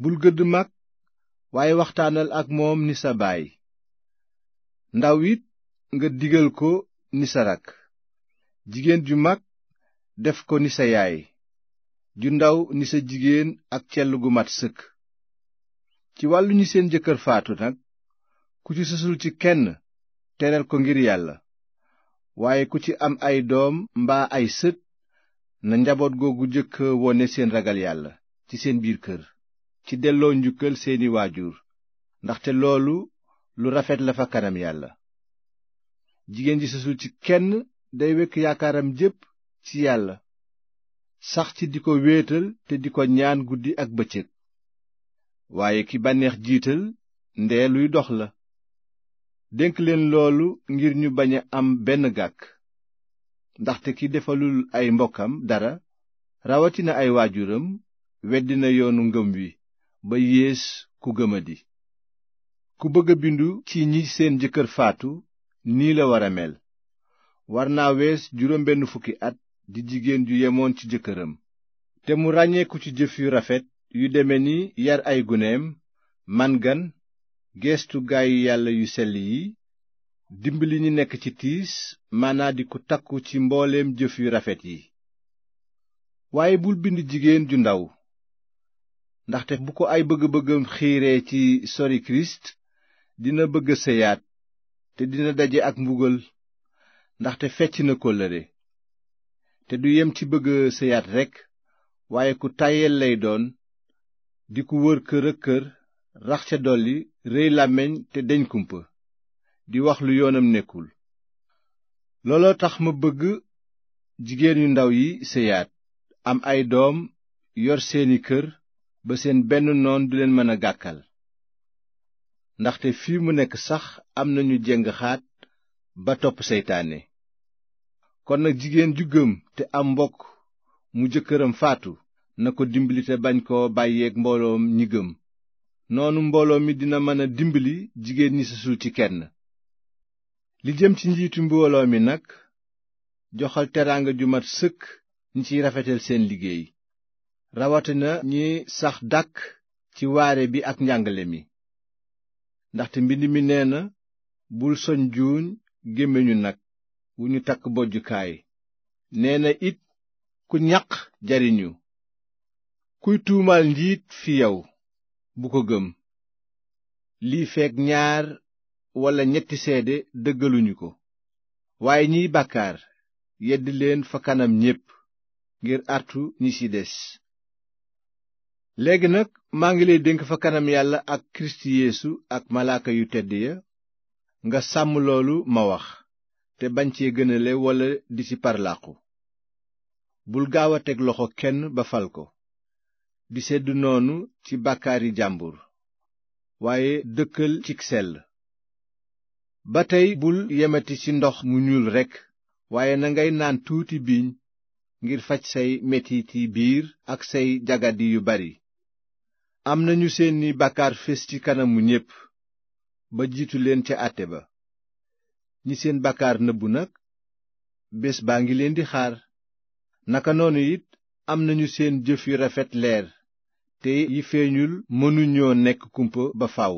bul gëdd mag waaye waxtaanal ak moom ni sa baay ndaw it nga digal ko ni sa rakk jigéen ju mag def ko ni sa yaay ju ndaw ni sa jigéen ak cell gu mat sëkk ci wàllu ñi seen jëkkër faatu nag ku ci sësul ci kenn teral ko ngir yàlla waaye ku ci am ay doom mbaa ay sët na njaboot googu jëkk wone seen ragal yàlla ci seen biir kër ci delloo njukkal seeni waajur ndaxte loolu lu rafet la fa kanam yàlla jigéen ji sësul ci kenn day wekk yaakaaram jépp ci yàlla sax ci di ko wéetal te di ko ñaan guddi ak bëccëg waaye ki bànneex jiital ndee luy dox la dénk leen loolu ngir ñu bañ a am benn gàkk ndaxte ki defalul ay mbokkam dara rawatina ay waajuram weddi na yoonu ngëm wi ba yées ku gëmadi ku bëgg a bindu ci ñi seen jëkkër faatu nii la war a mel war naa wees juróom benn fukki at di jigéen ju yemoon ci jëkkëram te mu ràññeeku ci jëf yu rafet yu deme ni yar ay guneem man gan geestu gaayu yàlla yu sell yi dimbali ñi nekk ci tiis maanaa di ku takku ci mbooleem jëf yu rafet yi waaye bul bind jigéen ju ndaw ndaxte bu ko ay bëgg-bëggam xiiree ci sori kirist dina bëgg sëyaat te dina daje ak mbugal ndaxte fecc na kóllëre te du yem ci bëgg sëyaat rekk waaye ku tàyyeel lay doon di ku wër kër ak kër rax ca dolli rëy làmmiñ te deñ kumpa di wax lu yoonam nekkul looloo tax ma bëgg jigéen yu ndaw yi seyaat am ay doom yor seeni kër ba seen benn noon du leen mën a gàkkal ndaxte fii mu nekk sax am na ñu jeng xaat ba topp seytaane kon nag jigéen ju gëm te am mbokk mu jëkkëram faatu na ko dimbali te bañ koo bàyyeek mbooloom ñi gëm noonu mbooloo mi dina mën a dimbali jigéen ñi sasul ci kenn li jëm ci njiitu mbooloo mi nag joxal teraanga ju mat sëkk ñi ciy rafetal seen liggéey rawatina ñi sax dàkk ci waare bi ak njàngale mi ndaxte mbind mi nee na bul soñ juuñ gémmiñu nag wu ñu takk bojjukaay nee it ku ñaq jariñu kuy tuumaal njiit fi yow bu ko gëm lii feek ñaar walla ñetti seede dëggaluñu ko waaye ñiy bàkkaar yedd leen fa kanam ñépp ngir àttu ñi ci des léegi nag maa ngi lay dénk fa kanam yàlla ak kirist yéesu ak malaaka yu tedd ya nga sàmm loolu ma wax te bañ cee gënale walla di ci parlaqu bul gaaw a teg loxo kenn ba fal ko di sedd noonu ci bàkkaari jàmbur waaye dëkkal ci sell ba tey bul yemati ci ndox mu ñuul rekk waaye na ngay naan tuuti biiñ ngir faj say metiti biir ak say jagadi yu bari am nañu seeni bàkkaar fés ci kanamu ñépp ba jiitu leen ca àtte ba ñi seen bàkkaar nëbbu nag bés baa ngi leen di xaar naka noonu it am nañu seen jëf yu rafet leer te yi feeñul mënuñoo nekk kumpa ba faaw.